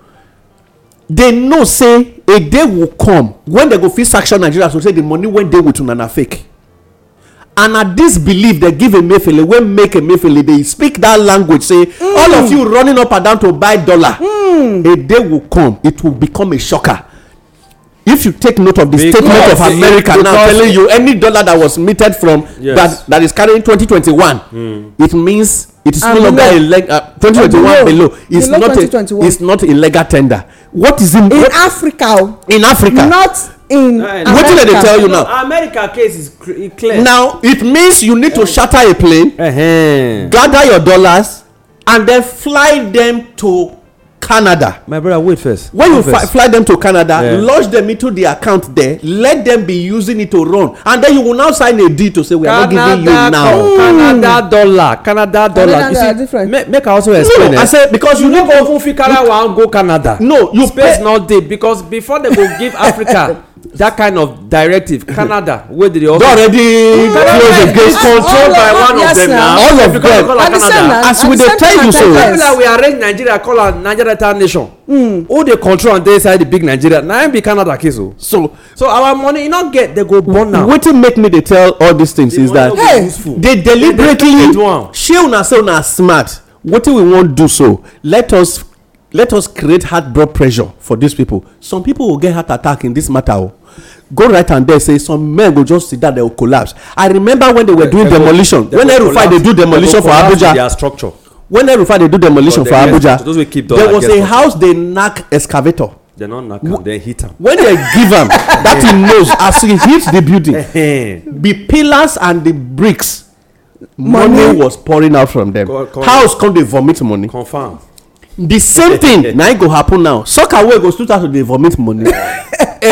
they know say a day will come when they go fit sanction nigeria so say the money wey dey with una na fake and na this belief dem give emefiele wey make emefiele dey speak that language say mm. all of you running up and down to buy dollar mm. a day will come it will become a shocker if you take note of the because statement of america now telling you any dollar that was minted from yes. that that is carrying 2021 mm. it means it is and no longer a leg uh, 2021 below, below it's below not a it's not a legal tender what is in in what, africa in africa not in uh, america wetin dem tell you now america case is clear now it means you need to shatter a plane uh -huh. gather your dollars and then fly them to Canada. My brother, wait first. When you first. fly them to Canada, yeah. lodge them into the account there, let them be using it to run, and then you will now sign a deal to say we are Canada, not giving you now. Canada hmm. dollar, Canada dollar. Canada you see, different. Make, make I also explain. No, it. I eh? say because you, you no go even fit carry go Canada. No, you space pay. not dey because before they go give Africa that kind of directive canada wey dey also. don already close the gate controlled by one of them now all of them as we dey tell you so. the that we arrange nigeria call am nigeria nation. Hmm. who dey control am dey inside the big nigeria na im be canada case o. Oh. so so our money e no get dey go burn am. wetin make me dey tell all these things is that hey dey deliberately shey una say una smart wetin we wan do so let us let us create heart blood pressure for these people some people will get heart attack in this matter o oh. go right and there say some men go just sit down they will collapse i remember when they were doing they demolition go, when erufai dey do demolition for abuja their structure when erufai dey do demolition for abuja there was a house they knack excavator they no knack am they hit am when they give am that he knows as he hit the building the pillars and the bricks money, money was pouring out from them house come dey vomit money confam the same thing na e go happen now soccer wey go still start to dey vomit money uh,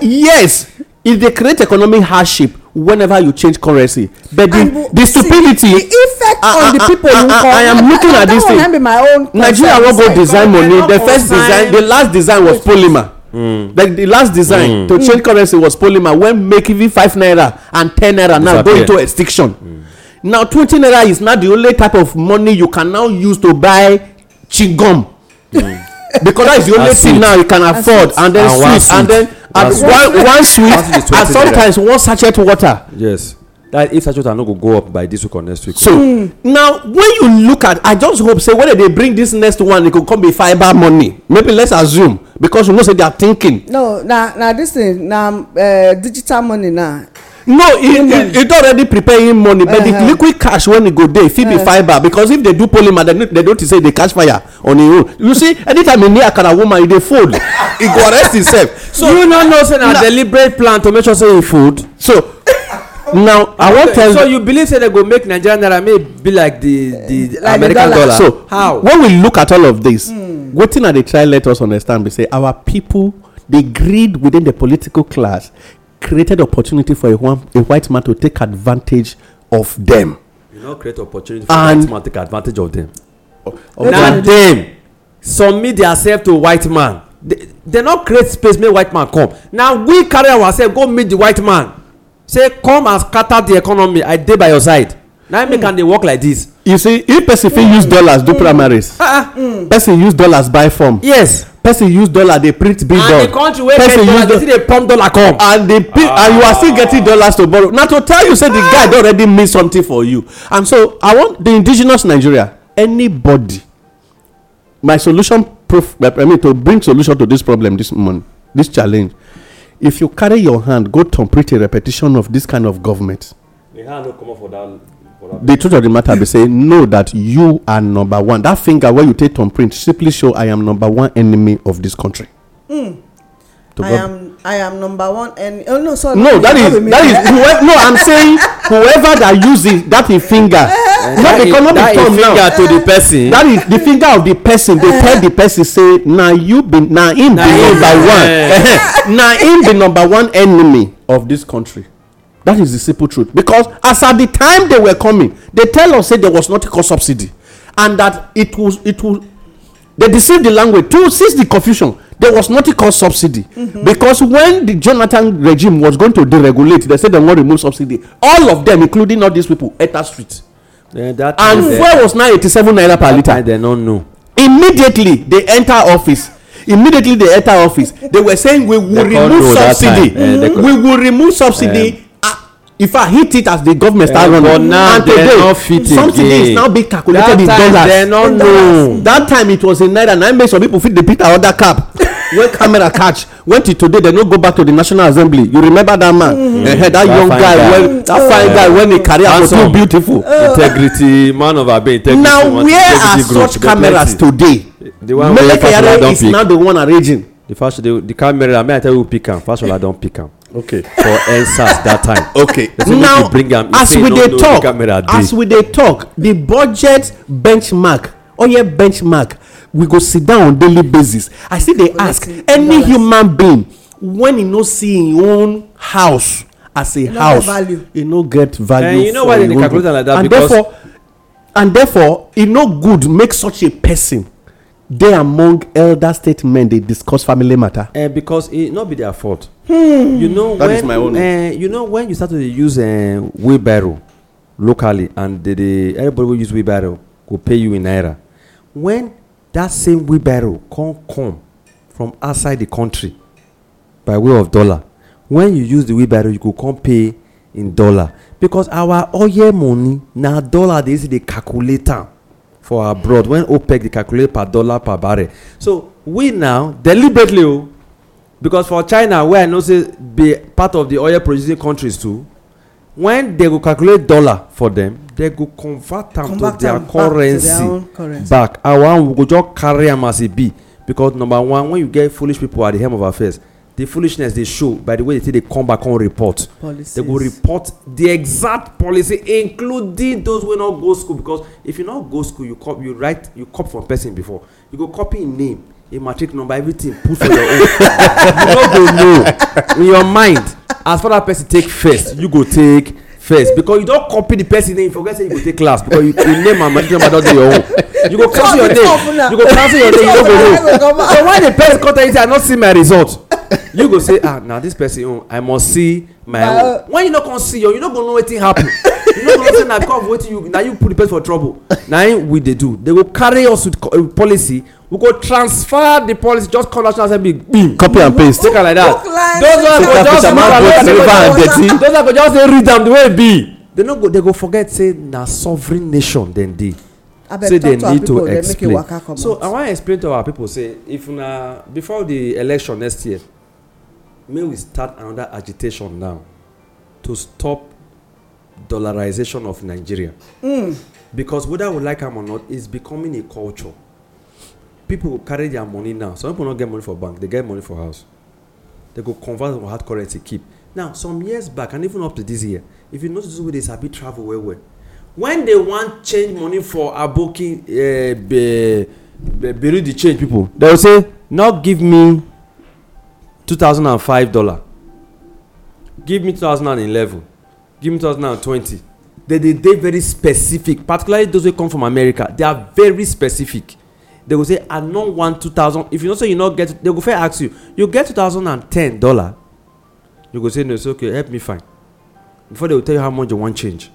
yes e dey create economic hardship whenever you change currency but the the stupidity the effect ah, on ah, the ah, people who come i am looking at this thing nigeria wan go design money the first design the last design was polymer Mm. Like the last design mm. to change currency was polymer when making five naira and ten naira now go into extinction. Mm. Now twenty naira is not the only type of money you can now use to buy chingom mm. because that is the only thing now you can afford and then sweet and then one sweet and sometimes one sachet water yes that if sachet water no go go up by this week or next week so mm. now when you look at i just hope say when they bring this next one e go come be fibre money maybe let's assume because you know say they are thinking no na na this thing na eh, digital money na no e don already prepare him money but the uh-huh. liquid cash when e go there, fit be fibre because if they do polymer dem don think say they catch fire on im own you see anytime e near akara woman e dey fold he go arrest himself. so you no know say na deliberate plan to make sure say e fold. so now i wan tell you so you believe say dem go make nigerian naira may be like the the american dollar so how when we look at all of this hmm. wetin i dey try let us understand be say our people the greed within the political class created opportunity for a, a white man to take advantage of them. You not create opportunity for and a white man to take advantage of them. Oh, oh, na submit themselves to a white man. They, they not create space make white man come. Now we carry ourselves go meet the white man. Say come and scatter the economy. I dey by your side na im make am dey work like this. you see if person fit use dollars do mm. primaries ah, ah. Mm. person use dollars buy form yes person use dollar dey print big bill and the country wey get dollar dey still dey pump dollar come. and the ah. and you are still getting dollars to borrow na to tell you say the guy don already mean something for you and so i want the indigenous nigeria anybody my solution proof i mean to bring solution to this problem this morning this challenge if you carry your hand go complete a repetition of this kind of government. the hand no comot for that the truth of the matter be say know that you are number one that finger wey you take on print simply show i am number one enemy of this country hmm. I am I am number one enemy. oh no sorry no that is that is whoever, no I'm saying whoever that uses that eh, is finger not because no be thumb now that is finger to the person that is the finger of the person dey tell the person say na you be na him be number one na him be number one enemy of this country that is the simple truth because as at the time they were coming they tell us say there was not eco subsidy and that it was it was they deceived the language to since the confusion there was not called subsidy. Mm-hmm. because when the jonathan regime was going to deregulate they said they wan remove subsidy all of them including all these people enter street. Yeah, and fuel was now eighty-seven naira per litre. they no know. immediately they enter office immediately they enter office they were saying we will remove subsidy uh, we will remove subsidy um, if i hit it as the government start running and today something is now being calculated in dollars That time no. that time it was in naira na make some people fit dey beat another cap when camera catch when till today they no go back to the national assembly you remember that man mm -hmm. uh, that young guy when that fine guy when he carry am for beautiful. integrity man of abe integrity now where are such cameras today meleke yare is now the one arranging. the fashion the the camera i mean i tell you who pick am fashola don pick am okay for nsas that time okay now as we dey talk as we dey talk the budget benchmark oye benchmark we go sit down on daily basis i still dey ask any human being when e no see im own house as a house e no get value And you know why calculate for im own and therefore e no good make such a person dey among elder statesmen dey discuss family matter. Uh, because e no be their fault. Hmm. you know that when, is my own. Uh, you know when you start to dey use uh, wheelbarrow locally and dey dey everybody wey use wheelbarrow go pay you in naira when that same wheelbarrow come come from outside the country by way of dollar when you use the wheelbarrow you go come pay in dollar because our oil money na dollar dey easy dey calculate am for abroad when opec dey calculate per dollar per barrel so we now deliberately o oh, because for china wey i know say be part of the oil producing countries too when they go calculate dollar for them they go convert am to their currency back our own we go just carry am as e be because number one when you get foolish people at the helm of affairs the foolishness they show by the way they take they come back on report policies they go report the exact policy including those wey not go school because if you not go school you cop you write you cop from person before you go copy im name a matric number everything put for your own you not go know in your mind as far as person take first you go take first because you don't copy the person name you forget say you go take class because you, you name and matric number don dey your own you go cancel your name you go cancel your name you no go know so when the person come tell you say i not see my result you go say ah na this person own oh, i must see my own when you no come see your you no go know wetin happen you no go know say na because of wetin you na you put the person for trouble na him we dey do they go carry us with uh, policy we go transfer the policy just call national assembly gbim copy and paste take am like that those ones go just read am those ones go just read am the way e be they no go they go forget say na sovereign nation dem dey say dem need to explain so i wan explain to our people say if una before the election next year may we start another agitation now to stop dollarization of Nigeria. Mm. Because whether we like them or not, it's becoming a culture. People carry their money now. Some people don't get money for bank, they get money for house. They go convert on hard currency keep. Now, some years back, and even up to this year, if you notice where they sabi travel well well, when they want change money for aboki uh, be, be, be the change people, they will say, now give me 2005 dollar give me 2011 give me 2020 they dey dey very specific particularly those wey come from america they are very specific they go say i no want 2000 if you know say you no get they go first ask you you get 2010 dollar you go say no it's okay help me find before they go tell you how much you wan change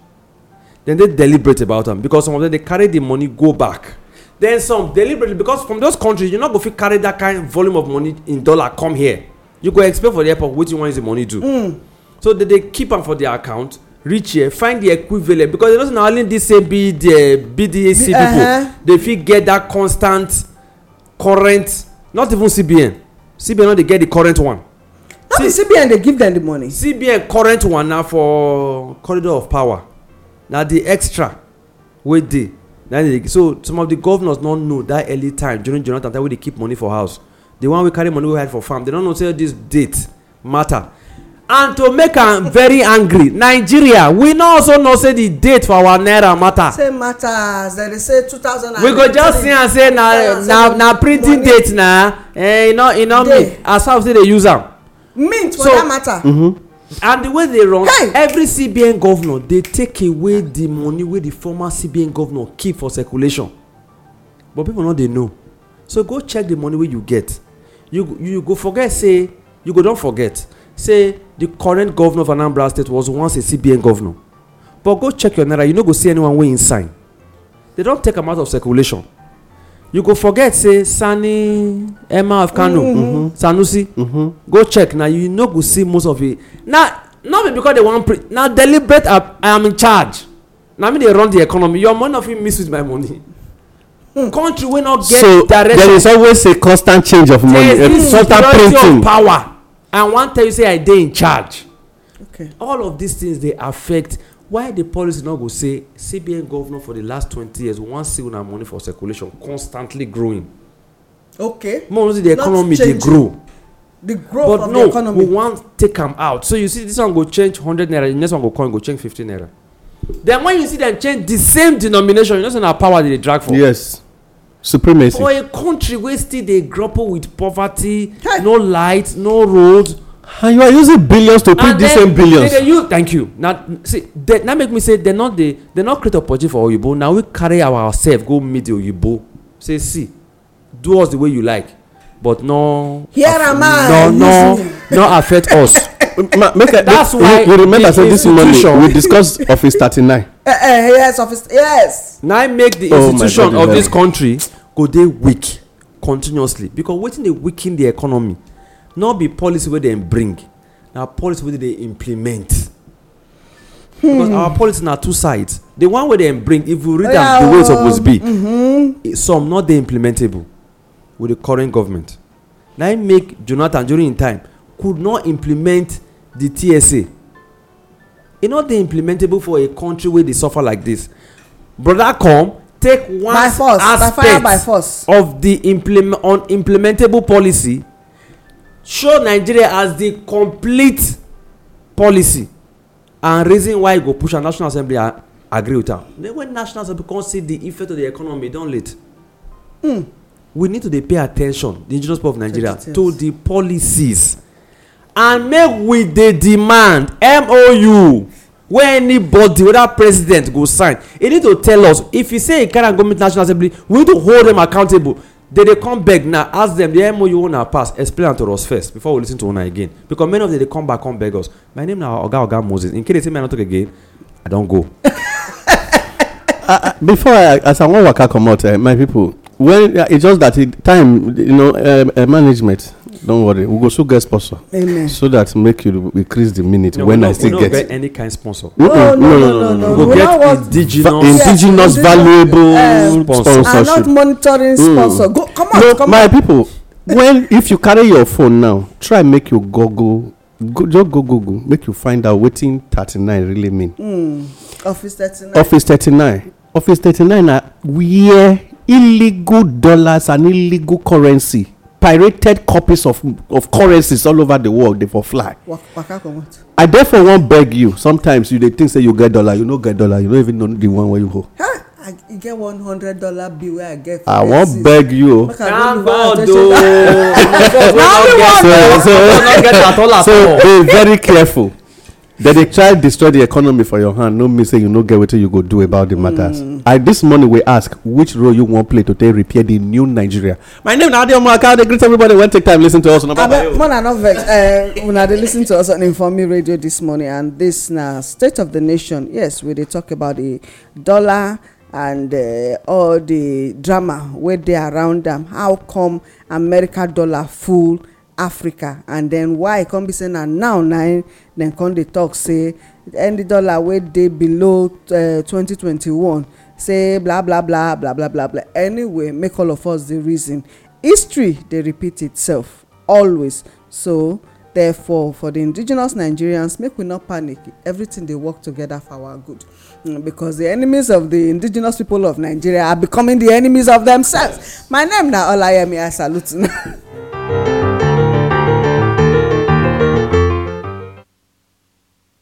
then they deliberate about am because some of them dey carry the money go back then some deliberately because from those countries you no go fit carry that kind volume of money in dollar come here you go expect for the airport wetin one is the money do mm. so they dey keep am for their account reach here find the equivalent because you know say na only this same the bdac uh -huh. people dey uh-huh. fit get that constant current not even cbn cbn no dey get the current one. no be cbn dey give them the money. cbn current one na for corridor of power na the extra wey dey na so some of the governors no know that early time during jonathan time wey dey keep money for house the one wey carry money wey hide for farm they no know say this date matter and to make am very angry nigeria we no also know say the date for our naira matter say matters dem dey say two thousand and we go just see am say na na na printing date na eh e no e no mean as how say dey use am mint for that matter mm-hmm. and the way they run every cbn governor dey take away the money wey the former cbn governor keep for circulation but people no dey know so go check the money wey you get you you go forget say you go don forget say the current governor of anambra state was once a cbn governor but go check your naira you no go see anyone wey im sign they don take am out of circulation you go forget say sani emma of kano mm-hmm. Mm-hmm, sanusi mm-hmm. go check na you no go see most of it na not be because they wan pre na deliberate i am in charge na me dey run the economy your money no fit mix with my money Mm. country wey no get so direction. so there is always a constant change of money there is this security of power And one tell you say i dey in charge okay all of these things dey affect why the policy no go say cbn governor for the last twenty years wan see una money for circulation constantly growing okay more than the economy dey grow the growth but of no, the economy but no we wan take am out so you see this one go change hundred naira the next one go come go change fifty naira then when you see them change the same denomination you know say na power they dey drag for. yes supremacy for a country wey still dey grapple with poverty no light no road and you are using billions to pay dis same billions and then you thank you now see that make me say dem not dey dem not create opportunity for oyibo na we carry ourself go meet di oyibo say see do us the way you like but no Here am I. no no no affect us make i that's why we remember say this morning we discuss office thirty-nine. Eh, eh, yes office yes. Now make the oh institution of this country go dey weak continuously because wetin dey weaken the economy no be policy wey dem bring na policy wey dey implement because hmm. our policy na two sides the one wey dem bring if you read am the way mm-hmm. e suppose be some not dey implementable with the current government na make jonathan during im time could not implement the tsa e no dey implementable for a country wey dey suffer like this. Brother, come take one aspect of di unimplementable policy show nigeria as the complete policy and reason why e go push am national assembly agree with am then when national assembly come see the effect of the economy don late hmm. we need to dey pay attention the indigenous people of nigeria to the policies and make we dey demand mou wey anybody whether president go sign e need to tell us if e say e carry am go meet national assembly we need to hold dem accountable they dey come back now ask dem the mou una pass explain am to us first before we lis ten to una again because many of them dey come back come beg us my name na oga oga moses in case they say me i no talk again i don go. uh, before I, as i wan waka comot uh, my people Well, uh, e just that time you know uh, uh, management Don't worry. We go so get sponsor. Amen. So that make you increase the minute no, when no, I still get. get any kind sponsor. No, no, oh, no, no, no. We'll, we'll get indigenous, indigenous valuable um, sponsorship. And not monitoring hmm. sponsor. Go, come on, no, come my on. people. when if you carry your phone now, try make you Google. Go, just go Google. Make you find out wetin thirty-nine really mean. Mm. Office thirty-nine. Office thirty-nine. Office thirty-nine na where illegal dollars and illegal currency pirated copies of of currencies all over the world dey for fly i therefore wan beg you sometimes you dey think say you get dollar you no get dollar you no even know the one wey you hold i get one hundred dollar bill wey i get for i wan beg you make i no lower attention to you na so so so be very careful dem dey try destroy the economy for your hand no mean say you no get wetin you go do about the matters mm. i this morning we ask which role you wan play to take repair the new nigeria my name na adeomuaka i dey greet everybody wey take time listen to us on ababayo more na not vex eh, una dey listen to us on informe radio this morning and this na state of the nation yes we dey talk about the dollar and eh, all the drama wey dey around am how come america dollar full africa and then why e come be say na now na e, dem come dey talk say any dollar wey dey below 2021 eh, say bla bla bla bla bla bla anyway make all of us dey reason history dey repeat itself always so therefore for the indigenous nigerians make we not panic everything dey work together for our good mm, because the enemies of the indigenous people of nigeria are becoming the enemies of themselves my name na olayemi i salute